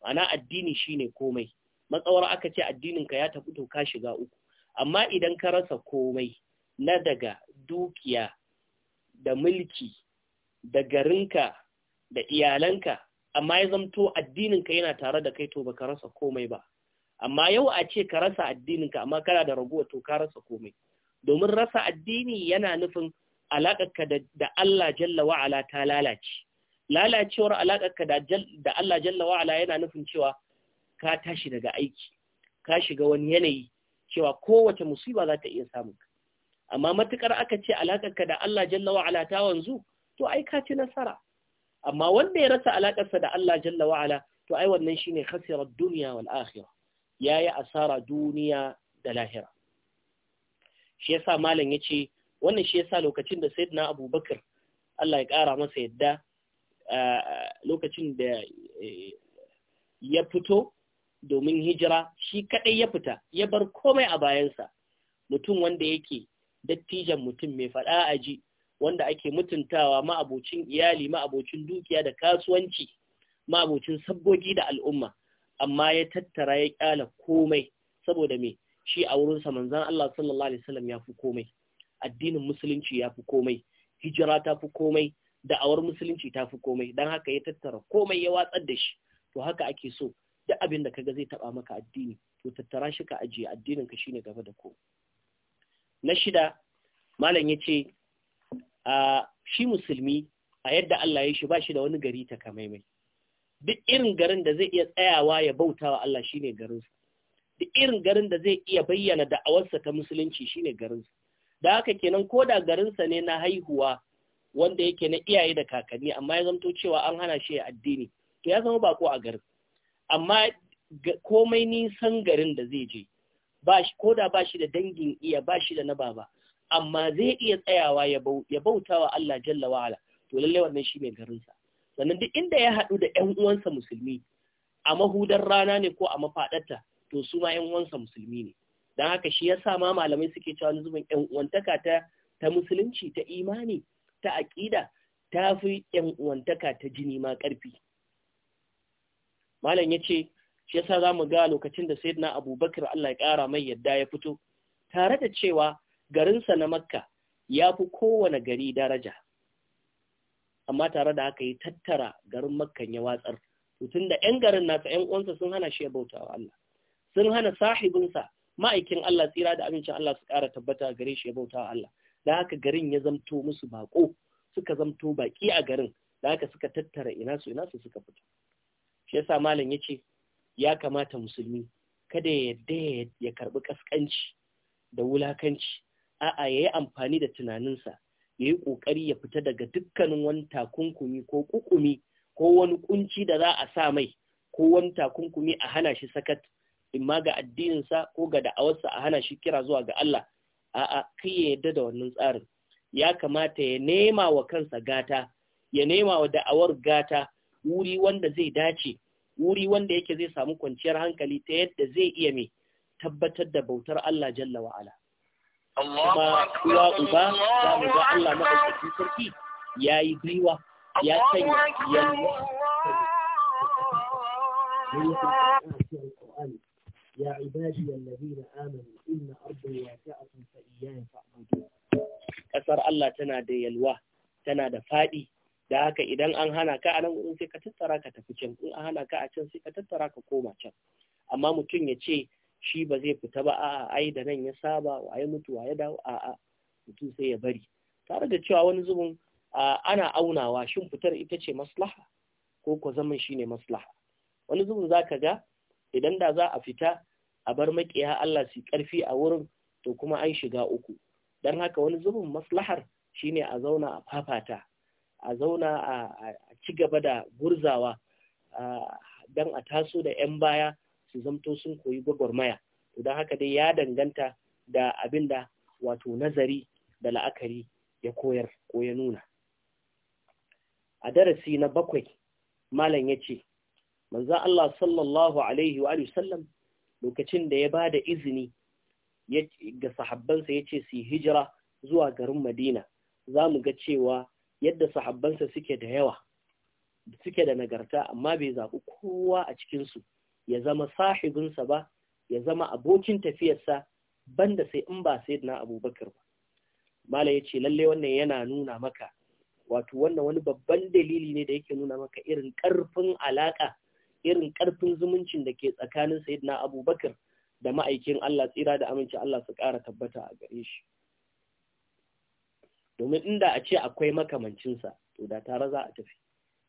ana addini shine komai matsawar aka ce addininka ya tafi to ka shiga uku amma idan ka rasa komai na daga dukiya da mulki da garinka da iyalanka amma ya zamto addininka yana tare da kai to baka rasa komai ba amma yau a ce ka rasa addininka amma kana da raguwa to ka rasa komai domin rasa addini yana nufin alaƙarka da Allah jalla wa'ala ta lalace lalacewar alaƙarka da Allah jalla wa'ala yana nufin cewa ka tashi daga aiki ka shiga wani yanayi cewa kowace musiba za ta iya samun ka amma matukar aka ce alaƙarka da Allah jalla wa'ala ta wanzu to ai ka ci nasara amma wanda ya rasa alaƙarsa da Allah jalla wa'ala to ai wannan shine khasirar duniya wal Ya yayi asara duniya da lahira shi yasa malam yace wannan shi yasa lokacin da sayyidina abubakar Allah ya kara masa yadda lokacin da e, ya fito domin hijira shi kadai ya fita ya bar komai a bayansa mutum wanda yake dattijan mutum mai fada aji wanda ake mutuntawa ma'abocin iyali ma'abocin dukiya da kasuwanci ma'abocin sabbogi da al'umma amma ya tattara ya kyala komai saboda me shi a wurinsa manzan Allah sallallahu alaihi wasallam ya fi komai addinin musulunci ya fi komai hijira ta fi komai da'awar musulunci ta fi komai don haka ya tattara komai ya watsar da shi to haka ake so duk abin da kaga zai taba maka addini to tattara shi ka ajiye addinin ka shine gaba da ko na shida malam yace a shi musulmi a yadda Allah ya shi ba shi da wani gari ta kamaimai duk irin garin da zai iya tsayawa ya bauta wa Allah shine garinsa duk irin garin da zai iya bayyana da'awarsa ta musulunci shi shine garinsa da haka kenan ko da garinsa ne na haihuwa wanda yake na iyaye da kakanni amma ya zamto cewa an hana shi ya addini to ya zama bako a garin amma komai nisan garin da zai je ko da ba shi da dangin iya ba shi da na baba amma zai iya tsayawa ya bauta wa Allah jalla wa'ala to lallai wannan shi mai garinsa sannan duk inda ya haɗu da ‘yan uwansa musulmi a mahudar rana ne ko a mafaɗarta to su ma ‘yan uwansa musulmi ne dan haka shi ya sa ma malamai suke cewa zubin ‘yan uwantaka ta ta musulunci ta imani ta aƙida ta fi ‘yan uwantaka ta jini ma ƙarfi malam ya ce shi ya sa za mu ga lokacin da sayyidina abubakar allah ya ƙara mai yadda ya fito tare da cewa garinsa na makka ya fi kowane gari daraja amma tare da aka yi tattara garin makkan ya watsar tun da 'yan garin nasa 'yan uwansa sun hana shi ya bautawa Allah sun hana sahibinsa ma'aikin Allah tsira da amincin Allah su ƙara tabbata gare shi ya bautawa Allah da haka garin ya zamto musu bako suka zamto baki a garin da haka suka tattara ina su ina su suka fito shi yasa malam yace ya kamata musulmi kada ya yadda ya karbi kaskanci da wulakanci a'a yayi amfani da tunaninsa ya yi kokari ya fita daga dukkanin wani takunkumi ko kukumi ko wani ƙunci da za a sa mai ko wani takunkumi a hana shi sakat imma ga addininsa ko ga da'awarsa a hana shi kira zuwa ga Allah a'a kai ya yarda da wannan tsarin ya kamata ya nema wa kansa gata ya nema wa da'awar gata wuri wanda zai dace wuri wanda yake zai samu kwanciyar hankali ta yadda zai iya mai tabbatar da bautar Allah jalla wa'ala kuma uwa uba za mu ga Allah maɗaukaki sarki ya yi baiwa ya sanya yalwa يا عبادي الذين آمنوا إن أرضي واسعة فإياي فاعبدون kasar Allah tana da yalwa tana da faɗi da haka idan an hana ka a nan sai ka tattara ka tafi can in an hana ka a can sai ka tattara ka koma can amma mutum ya ce shi ba zai fita ba a ai da nan ya saba wa ya mutu wa ya dawo a a mutum sai ya bari tare da cewa wani zubin ana aunawa shin fitar ita ce maslaha ko ko zaman shi ne maslaha wani zubin za ka ga idan da za a fita a bar makiya Allah su karfi a wurin to kuma an shiga uku dan haka wani zubin maslahar shi ne a zauna a fafata a zauna a ci gaba da gurzawa don a taso da 'yan baya su zamto sun koyi gwagwarmaya to don haka dai ya danganta da abin da wato nazari da la'akari ya koyar ko ya nuna a darasi na bakwai malam ya ce manzan Allah sallallahu alaihi wa sallam lokacin da ya ba da izini ga sahabbansa ya ce su yi hijira zuwa garin madina za mu ga cewa yadda sahabbansa suke da yawa suke da nagarta amma bai zaɓi kowa a cikinsu ya zama sahibinsa ba ya zama abokin tafiyarsa banda sai in ba sai na abubakar ba mala ya ce lalle wannan yana nuna maka wato wannan wani babban dalili ne da yake nuna maka irin ƙarfin alaƙa, irin ƙarfin zumuncin da ke tsakanin na abubakar da ma'aikin Allah tsira da aminci Allah su ƙara tabbata a gare shi domin inda a ce akwai makamancinsa to da tare za a tafi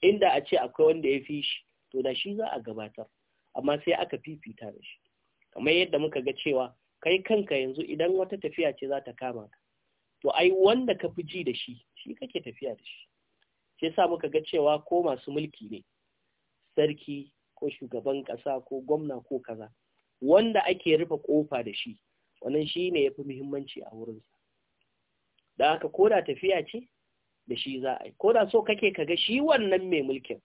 inda a ce akwai wanda ya fi shi to da shi za a gabatar amma sai aka fifita da shi kamar yadda muka ga cewa kai kanka yanzu idan wata tafiya ce za ta kama ka to ai wanda ka fi ji da shi shi kake tafiya da shi sai sa muka ga cewa ko masu mulki ne sarki ko shugaban ƙasa ko gwamna ko kaza wanda ake rufe kofa da shi wannan shi ne ya muhimmanci a wurinsa da haka koda tafiya ce da shi za a yi koda so kake kaga shi wannan mai mulkin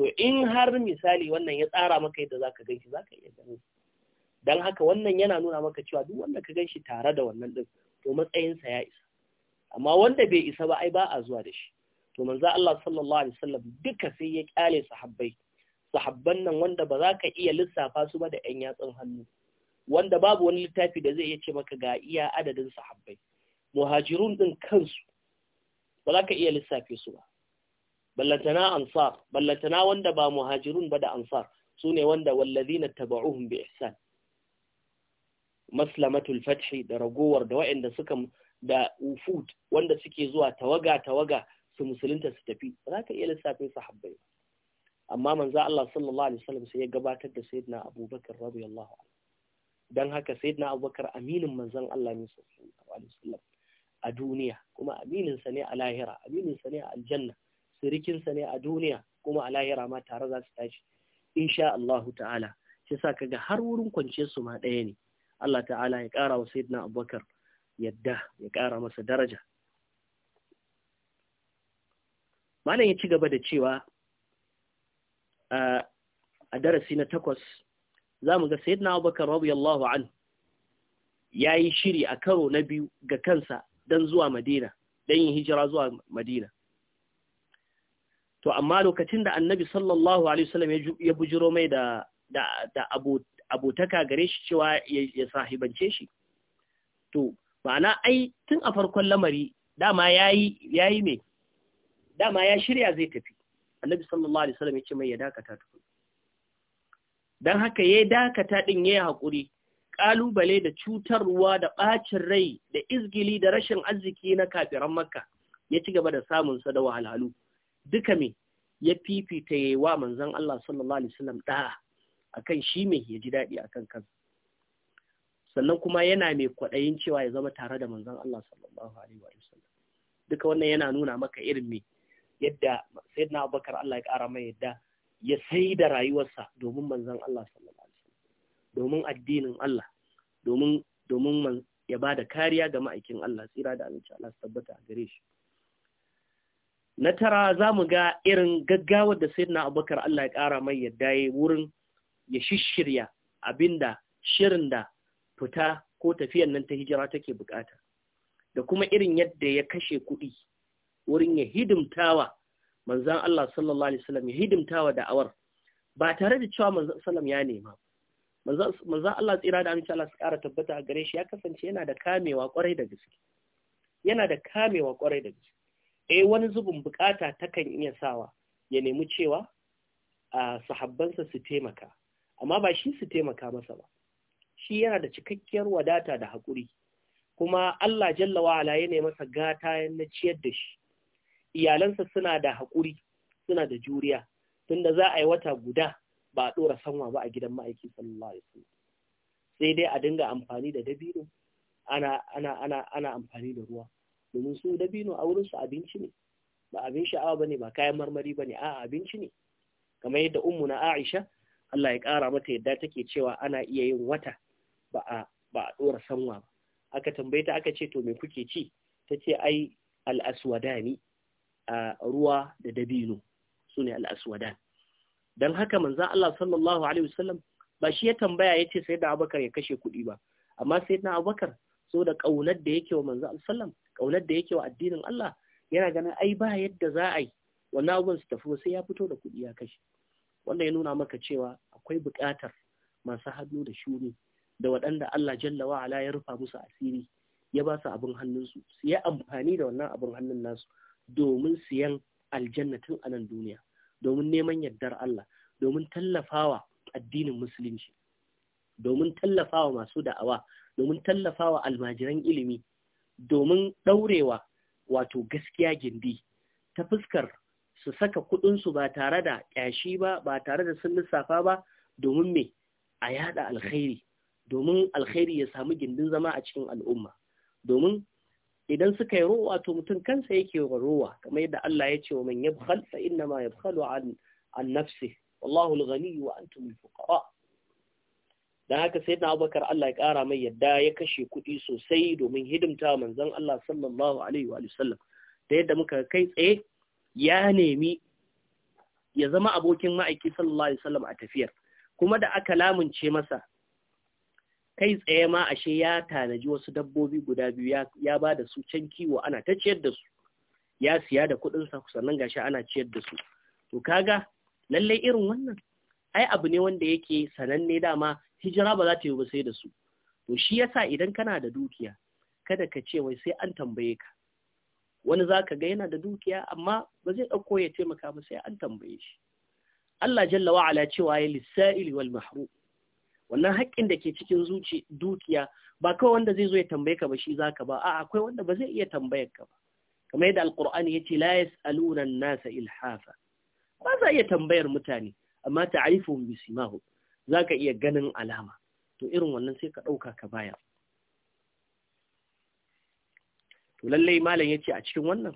to in har misali wannan ya tsara maka yadda zaka ganshi zaka iya gani dan haka wannan yana nuna maka cewa duk wanda ka ganshi tare da wannan din to matsayinsa ya isa amma wanda bai isa ba ai ba a zuwa da shi to manzo Allah sallallahu alaihi wasallam duka sai ya kyale sahabbai sahabban nan wanda ba za ka iya lissafa su ba da ƴan yatsun hannu wanda babu wani littafi da zai iya ce maka ga iya adadin sahabbai muhajirun din kansu ba za ka iya lissafe su ba ballatana ansar ballatana wanda ba muhajirun ba da ansar su ne wanda wallazina taba'uhum bi ihsan maslamatul fathi da ragowar da waɗanda suka da ufud wanda suke zuwa tawaga tawaga su musulunta su tafi ba za ka iya lissafin sahabbai amma manzo Allah sallallahu alaihi wasallam sai ya gabatar da sayyidina Abubakar radiyallahu anhu dan haka sayyidina Abubakar aminin manzon Allah ne sallallahu alaihi wasallam a duniya kuma aminin sa ne a lahira aminin sa ne a aljanna sirikinsa ne a duniya kuma a lahira ma tare za su tashi insha Allah ta'ala shi sa kaga har wurin kwanciyar su ma ɗaya ne Allah ta'ala ya ƙara wa sayyidina Abubakar yadda ya ƙara masa daraja malam ya ci gaba da cewa a darasi na takwas za mu ga sayyidina Abubakar radiyallahu anhu ya shiri a karo na biyu ga kansa don zuwa Madina don yin hijira zuwa Madina to amma lokacin da annabi sallallahu alaihi wasallam ya bujiro mai da da abotaka gare shi cewa ya sahibance shi to ma'ana ai tun a farkon lamari dama yayi yayi me dama ya shirya zai tafi annabi sallallahu alaihi wasallam ya ce mai ya dakata tukun dan haka ya dakata din yayi hakuri kalubale da cutarwa da bacin rai da izgili da rashin arziki na kafiran makka ya ci gaba da samun sa da wahalhalu duka me ya fifita ya wa manzon Allah sallallahu alaihi wasallam a akan shi me ya ji daɗi akan kansa sannan kuma yana mai kwaɗayin cewa ya zama tare da manzon Allah sallallahu alaihi wasallam duka wannan yana nuna maka irin me yadda sayyidina Abubakar Allah ya ƙara mai yadda ya sai da rayuwarsa domin manzon Allah sallallahu alaihi wasallam domin addinin Allah domin domin ya bada kariya ga ma'aikin Allah tsira da Allah tabbata gare shi na tara za mu ga irin gaggawar da sai na abubakar Allah ya ƙara mai yadda ya wurin ya shishirya abinda shirin da fita ko tafiyan nan ta hijira take bukata da kuma irin yadda ya kashe kuɗi wurin ya hidimtawa manzan Allah sallallahu alaihi wasallam ya hidimtawa da'awar ba tare da cewa manzan sallam ya nema manzan Allah tsira da amince Allah su ƙara tabbata a gare shi ya kasance yana da kamewa kwarai da gaske yana da kamewa kwarai da gaske eh wani zubin bukata takan iya sawa ya nemi cewa a sahabbansa su taimaka amma ba shi su taimaka masa ba shi yana da cikakkiyar wadata da haƙuri kuma Allah jalla wa'ala ya nemi masa gata na ciyar da shi iyalansa suna da haƙuri suna da juriya tunda za a yi wata guda ba a ɗora sanwa ba a gidan ma'aiki sallallahu alaihi wasallam sai dai a dinga amfani da dabino ana ana ana ana amfani da ruwa domin su dabino a wurinsu abinci ne ba abin sha'awa ba ne ba kayan marmari ba ne a abinci ne kamar yadda ummu na aisha Allah ya kara mata yadda take cewa ana iya yin wata ba a ba a ɗora sanwa ba aka tambaye ta aka ce to me kuke ci ta ce ai al'aswadani a ruwa da dabino su ne al'aswadan don haka manzo Allah sallallahu alaihi wasallam ba shi ya tambaya ya ce sai da abakar ya kashe kuɗi ba amma sai na abakar so da ƙaunar da yake wa manzan sallam kaunar da yake wa addinin Allah yana ganin ai ba yadda za a yi wannan abun su tafi sai ya fito da kuɗi ya kashe wannan ya nuna maka cewa akwai buƙatar masu hannu da shuni da waɗanda Allah jalla wa ala ya rufa musu asiri ya ba su abin hannunsu su yi amfani da wannan abin hannun nasu domin siyan aljannatin a nan duniya domin neman yardar Allah domin tallafawa addinin musulunci domin tallafawa masu da'awa domin tallafawa almajiran ilimi domin ɗaurewa wato gaskiya gindi ta fuskar su saka kuɗinsu ba tare da ƙyashi ba ba tare da sun lissafa ba domin me a yada alkhairi domin alkhairi ya samu gindin zama a cikin al'umma domin idan suka yi rowa to mutum kansa yake wa rowa kamar yadda Allah ya ce wa man yabkhal fa inna ma yabkhalu an an nafsi wallahu al-ghani wa antum al-fuqara don haka sai na abubakar Allah ya ƙara mai yadda ya kashe kuɗi sosai domin hidimta manzon Allah sallallahu alaihi wa sallam da yadda muka kai tsaye ya nemi ya zama abokin ma'aiki sallallahu alaihi sallam a tafiyar kuma da aka lamunce masa kai tsaye ma ashe ya tanaji wasu dabbobi guda biyu ya ba da su can kiwo ana ta ciyar da su ya siya da kuɗinsa sannan gashi ana ciyar da su to kaga lallai irin wannan ai abu ne wanda yake sananne dama hijira ba za ta yi ba sai da su to shi yasa idan kana da dukiya kada ka ce wai sai an tambaye ka wani za ka ga yana da dukiya amma ba zai ɗauko ya taimaka ba sai an tambaye shi Allah jalla wa'ala cewa ya lissa'ili wal mahru wannan haƙƙin da ke cikin zuci dukiya ba kawai wanda zai zo ya tambaye ka ba shi zaka ba a'a akwai wanda ba zai iya tambayar ka ba kamar yadda alqur'ani yace la yas'aluna an-nasa ilhafa ba za iya tambayar mutane amma ta'rifuhum bisimahum za ka iya ganin alama to irin wannan sai ka ɗauka ka baya to lallai malam ya ce a cikin wannan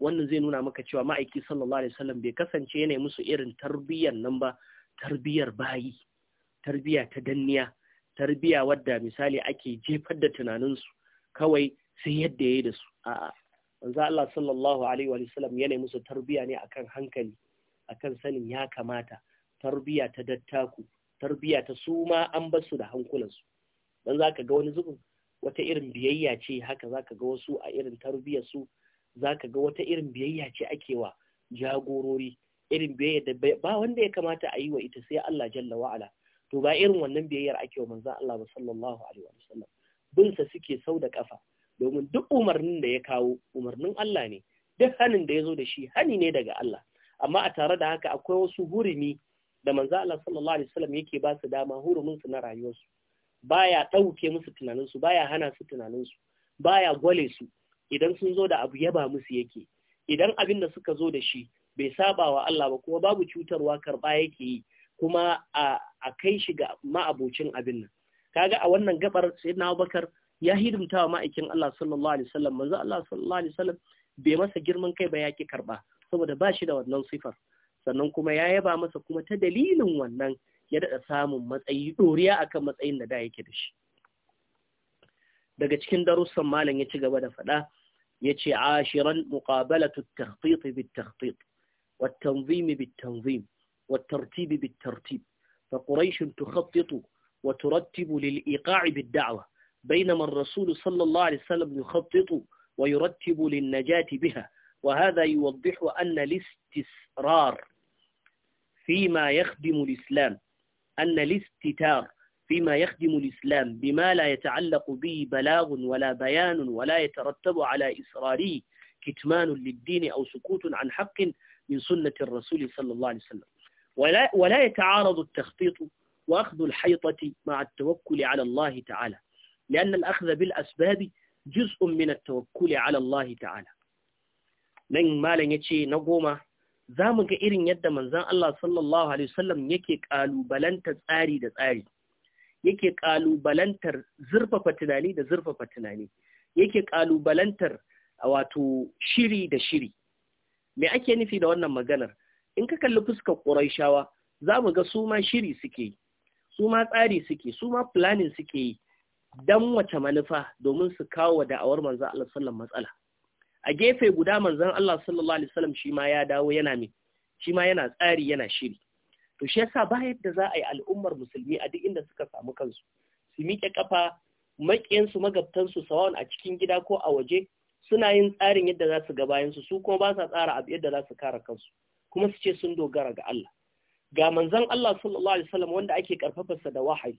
wannan zai nuna maka cewa ma'aiki sallallahu alaihi wasallam bai kasance yana musu irin tarbiyyar nan ba tarbiyyar bayi tarbiya ta danniya tarbiya wadda misali ake jefar da tunaninsu kawai sai yadda ya yi da su a'a manzo Allah sallallahu alaihi wa yana musu tarbiya ne akan hankali akan sanin ya kamata tarbiya ta dattaku tarbiya ta su ma an basu su da hankulansu dan ka ga wani zubin wata irin biyayya ce haka zaka ga wasu a irin tarbiyar su zaka ga wata irin biyayya ce ake wa jagorori irin biyayya da ba wanda ya kamata a yi wa ita sai Allah jalla wa'ala to ba irin wannan biyayyar ake wa manzon Allah sallallahu alaihi wa sallam bin sa suke sau da kafa domin duk umarnin da ya kawo umarnin Allah ne duk hanin da ya zo da shi hani ne daga Allah amma a tare da haka akwai wasu hurumi da manzo Allah sallallahu alaihi wasallam yake ba su dama hurumin su na rayuwarsu baya ɗauke musu tunanin su baya hana su tunanin su baya gwale su idan sun zo da abu yaba musu yake idan abin da suka zo da shi bai saba wa Allah ba kuma babu cutarwa karɓa yake yi kuma a kai shi ga ma'abocin abin nan kaga a wannan gabar sayyidina Abubakar ya hidimta wa ma'aikin Allah sallallahu alaihi wasallam manzo Allah sallallahu alaihi wasallam bai masa girman kai ba yake karba saboda ba shi da wannan sifar sannan kuma ya yaba masa kuma ta dalilin wannan ya daɗa samun matsayi ɗoriya akan matsayin da da yake da shi daga cikin darussan malam ya ci gaba da faɗa ya ce ashiran muqabalatu at-takhtit bit-takhtit wat-tanzim bit-tanzim wat-tartib bit-tartib fa quraish tukhattitu wa turattibu lil-iqa'i bid-da'wa بينما الرسول صلى الله عليه وسلم يخطط ويرتب للنجاة بها وهذا يوضح أن الاستسرار فيما يخدم الإسلام أن الاستتار فيما يخدم الإسلام بما لا يتعلق به بلاغ ولا بيان ولا يترتب على إسراره كتمان للدين أو سكوت عن حق من سنة الرسول صلى الله عليه وسلم ولا, ولا يتعارض التخطيط وأخذ الحيطة مع التوكل على الله تعالى لأن الأخذ بالأسباب جزء من التوكل على الله تعالى نن مالا يتشي نقوم za mu ga irin yadda manzan Allah sallallahu Alaihi wasallam yake ƙalubalantar tsari da tsari, yake ƙalubalantar zurfafa tunani da zurfafa tunani, yake ƙalubalantar wato shiri da shiri. Me ake nufi da wannan maganar? In ka kalli fuskar ƙuraishawa, za mu ga su ma shiri suke yi, su ma tsari suke, su ma planning suke yi, don wata manufa domin su kawo da'awar manzan Allah sallam matsala. a gefe guda manzon Allah sallallahu alaihi wasallam shi ma ya dawo yana me shi ma yana tsari yana shiri to shi yasa ba yadda za a yi al'ummar musulmi a duk inda suka samu kansu su miƙe kafa maƙiyansu magabtansu sawan a cikin gida ko a waje suna yin tsarin yadda za su ga bayansu su kuma ba sa tsara abu yadda za su kare kansu kuma su ce sun dogara ga Allah ga manzon Allah sallallahu alaihi wasallam wanda ake karfafa sa da wahayi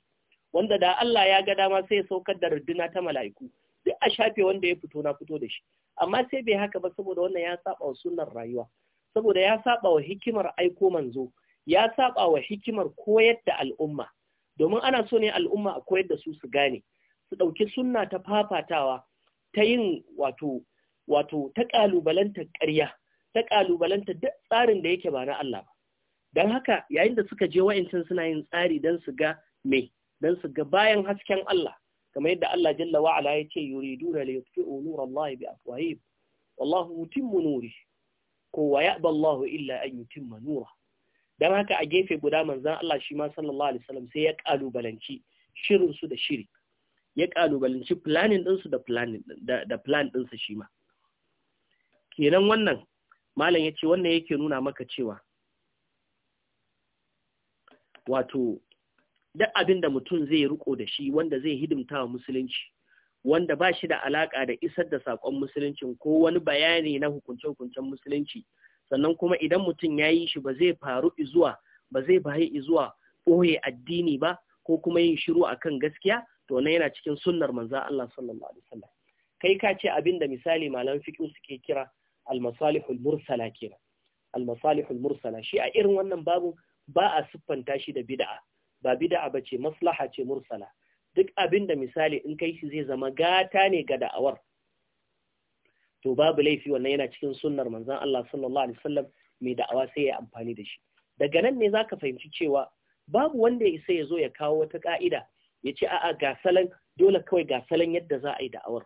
wanda da Allah ya ga dama sai ya saukar da runduna ta mala'iku duk a shafe wanda ya fito na fito da shi amma sai bai haka ba saboda wannan ya saba wa sunan rayuwa saboda ya saba wa hikimar aiko manzo ya saba wa hikimar koyar da al'umma domin ana so ne al'umma a koyar da su su gane su ɗauki sunna ta fafatawa ta yin wato wato ta ƙalubalantar ƙarya ta ƙalubalanta duk tsarin da yake ba na Allah ba don haka yayin da suka je wa'incin suna yin tsari don su ga me don su ga bayan hasken Allah kamar yadda Allah jalla wa ala yace yuriduna li yutfi'u Allah bi afwahib wallahu mutimmu nuri ko wa ya'ba Allahu illa an yutimma nura dan haka a gefe guda manzon Allah shi ma sallallahu alaihi wasallam sai ya kalubalanci shirin su da shiri ya kalubalanci planning din su da planning da plan din su shi ma kenan wannan malam yace wannan yake nuna maka cewa wato duk abin da mutum zai riko da shi wanda zai hidimta wa musulunci wanda ba shi da alaka da isar da sakon musulunci ko wani bayani na hukunce-hukuncen musulunci sannan kuma idan mutum ya yi shi ba zai faru izuwa ba zai bayi izuwa ɓoye addini ba ko kuma yin shiru a kan gaskiya to na yana cikin sunnar manza Allah sallallahu kai ka ce abin da misali malam fiqh suke kira al-masalihul kenan al-masalihul mursala shi a irin wannan babu ba a siffanta shi da bida'a. ba bid'a bace maslaha ce mursala duk abin da misali in kai shi zai zama gata ne ga da'awar to babu laifi wannan yana cikin sunnar manzon Allah sallallahu alaihi wasallam mai da'awa sai ya amfani da shi daga nan ne zaka fahimci cewa babu wanda ya isa ya zo ya kawo wata ka'ida ya ce a'a ga salon dole kawai ga salon yadda za a yi da'awar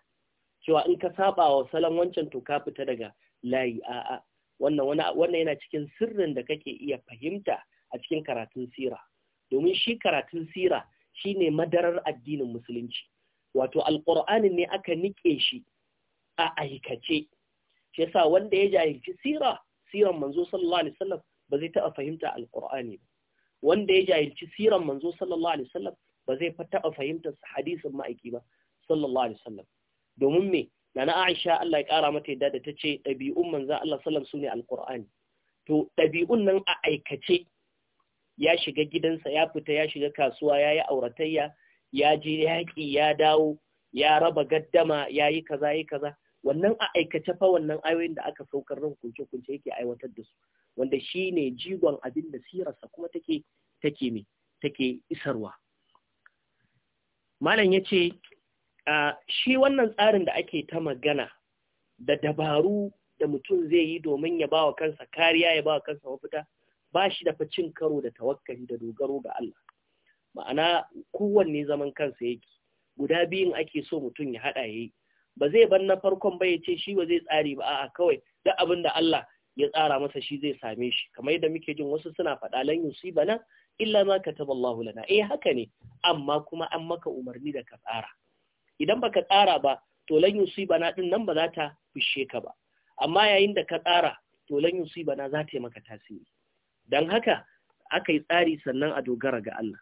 cewa in ka saba wa salon wancan to ka fita daga layi a'a wannan wannan yana cikin sirrin da kake iya fahimta a cikin karatun sira domin shi karatun sira shine madarar addinin musulunci wato alqur'anin ne aka nike shi a aikace shi yasa wanda ya jahilci sira siran manzo sallallahu alaihi wasallam ba zai taɓa fahimta alqur'ani ba wanda ya jahilci siran manzo sallallahu alaihi wasallam ba zai taɓa fahimta hadisin ma'aiki ba sallallahu alaihi wasallam domin me nana Aisha Allah ya ƙara mata yadda da ce ɗabi'un manzo Allah sallallahu alaihi wasallam sune alqur'ani to ɗabi'un nan a aikace ya shiga gidansa ya fita ya shiga kasuwa ya yi auratayya ya je yaƙi ya dawo ya raba gaddama ya yi kaza yi kaza wannan a aikace fa wannan ayoyin da aka saukar ran kunce-kunce yake aiwatar da su wanda shine jigon abin da sirarsa kuma take take me take isarwa malam ya ce shi wannan tsarin da ake ta magana da dabaru da mutum zai yi domin ya ba wa kansa kariya ya ba wa kansa mafita ba shi da facin karo da tawakkali da dogaro ga Allah ma'ana kowanne zaman kansa yake guda biyun ake so mutum ya haɗa ya yi. ba zai bar na farkon ba ya ce shi ba zai tsari ba a'a kawai duk abin da Allah ya tsara masa shi zai same shi kamar yadda muke jin wasu suna faɗa lan bana, illa ma ka Allahu lana eh haka ne amma kuma an maka umarni da ka tsara idan baka tsara ba to lan na din nan ba za ta fushe ka ba amma yayin da ka tsara to lan na za ta yi maka tasiri don haka aka yi tsari sannan a dogara ga Allah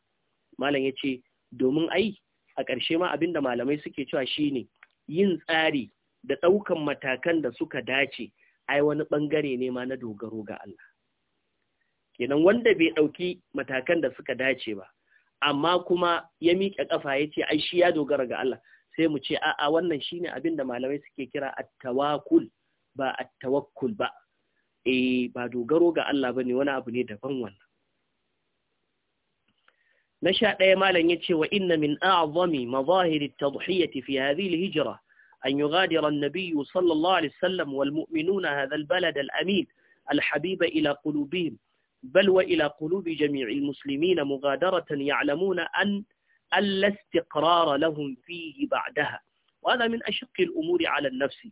malam ya ce domin ai a ƙarshe ma abin da malamai suke cewa shine yin tsari da ɗaukan matakan da suka dace ai wani ɓangare ne ma na dogaro ga Allah kenan wanda bai ɗauki matakan da suka dace ba amma kuma ya miƙe ƙafa ya ce ai shi ya dogara ga Allah sai mu ce a'a wannan shine abin da malamai suke kira at-tawakkul ba at-tawakkul ba eh ba dogaro ga Allah bane wani abu ne daban wannan na sha daya malam yace wa inna min a'zami mazahir at-tadhhiyah fi hadhihi al-hijra an yughadira an-nabiy sallallahu alaihi wasallam wal mu'minuna hadha al-balad al-amin al-habiba ila qulubihim بل وإلى قلوب جميع المسلمين مغادرة يعلمون أن ألا استقرار لهم فيه بعدها وهذا من أشق الأمور على النفس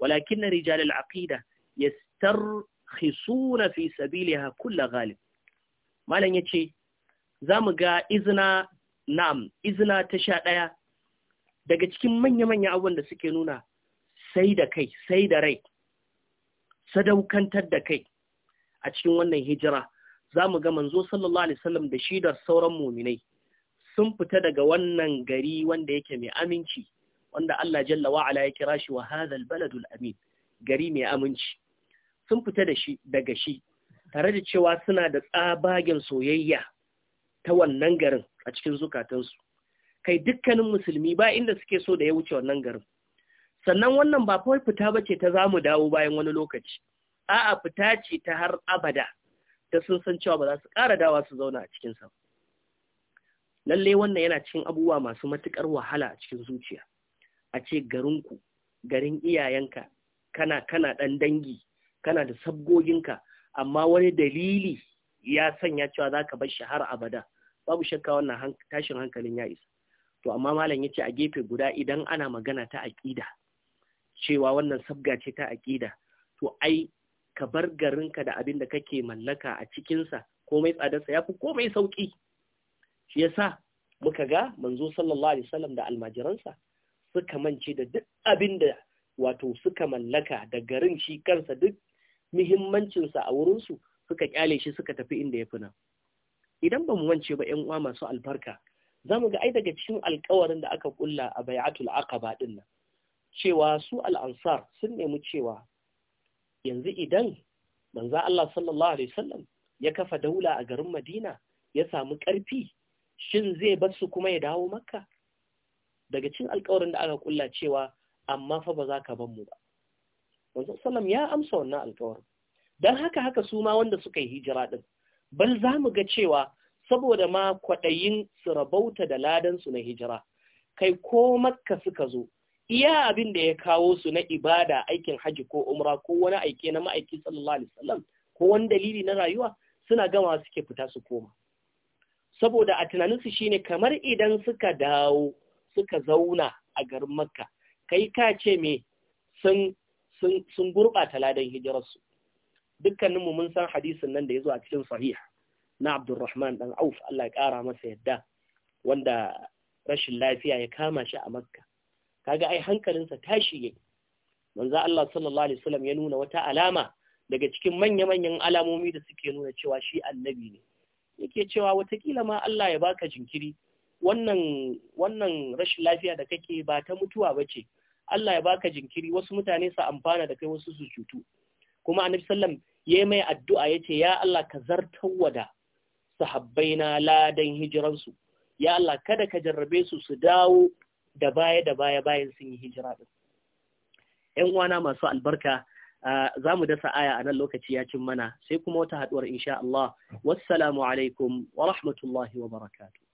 ولكن رجال العقيدة يستر khisuna fi sabiliha kullu ghalib malam yace zamu ga izna na'am izna ta sha ɗaya daga cikin manya-manya abubuwan da suke nuna sai da kai sai da rai sadaukantar da kai a cikin wannan hijira zamu ga manzo sallallahu alaihi wasallam da shi da sauran muminai sun fita daga wannan gari wanda yake mai aminci wanda Allah jalla wa ya kira shi wa hadhal baladul amin gari mai aminci sun fita da shi daga shi tare da cewa suna da tsabagen soyayya ta wannan garin a cikin zukatansu kai dukkanin musulmi ba inda suke so da ya wuce wannan garin sannan wannan ba kawai fita ba ce ta za mu dawo bayan wani lokaci a'a fita ce ta har abada da sun san cewa ba za su ƙara dawa su zauna a cikinsa Lalle wannan yana cikin abubuwa masu matuƙar wahala a cikin zuciya a ce garinku garin iyayenka kana kana ɗan dangi kana da sabgoginka amma wani dalili ya sanya cewa za ka bar shi har abada babu shakka wannan tashin hankalin ya isa to amma malam ce a gefe guda idan ana magana ta aƙida cewa wannan sabga ce ta aƙida to ai ka bar garinka da abin da kake mallaka a cikinsa komai tsadarsa ya fi komai sauƙi shi yasa muka ga manzo sallallahu alaihi wasallam da almajiransa suka mance da duk abin da wato suka mallaka da garin shi kansa duk muhimmancinsa a wurinsu suka kyale shi suka tafi inda ya fi nan idan ba mu wance ba ‘yan uwa masu albarka za mu ga ai daga cikin alkawarin da aka kulla a bai'atul aqaba din nan cewa su al'ansar sun nemi cewa yanzu idan manza Allah sallallahu alaihi wasallam ya kafa daula a garin Madina ya samu ƙarfi shin zai bar kuma ya dawo Makka daga cikin alkawarin da aka kulla cewa amma fa ba za ka ban mu ba manzon sallam ya amsa wannan alƙawarin. don haka haka su ma wanda suka yi hijira din bal za mu ga cewa saboda ma kwaɗayin su rabauta da ladan su na hijira kai ko makka suka zo iya abin da ya kawo su na ibada aikin hajji ko umra ko wani aiki na ma'aiki sallallahu alaihi wasallam ko wani dalili na rayuwa suna gama suke fita su koma saboda a tunanin su shine kamar idan suka dawo suka zauna a garin makka kai ka ce me sun sun gurɓata ladan hijirarsu dukkaninmu mun san hadisin nan da ya zo a cikin sahih na Abdulrahman dan Auf Allah ya ƙara masa yadda wanda rashin lafiya ya kama shi a Makka kaga ai hankalinsa tashi ya manzo Allah sallallahu alaihi wasallam ya nuna wata alama daga cikin manya-manyan alamomi da suke nuna cewa shi annabi ne yake cewa watakila ma Allah ya baka jinkiri wannan wannan rashin lafiya da kake ba ta mutuwa bace Allah ya baka jinkiri wasu mutane su amfana da kai wasu su cutu kuma annabi sallam yayi mai addu'a yace ya Allah ka zartawada sahabbaina ladan hijiransu ya Allah kada ka jarrabe su su dawo da baya da baya bayan sun yi hijira din ƴan uwana masu albarka za mu dasa aya a nan lokaci ya cin mana sai kuma wata haduwar insha Allah wassalamu alaikum wa rahmatullahi wa barakatuh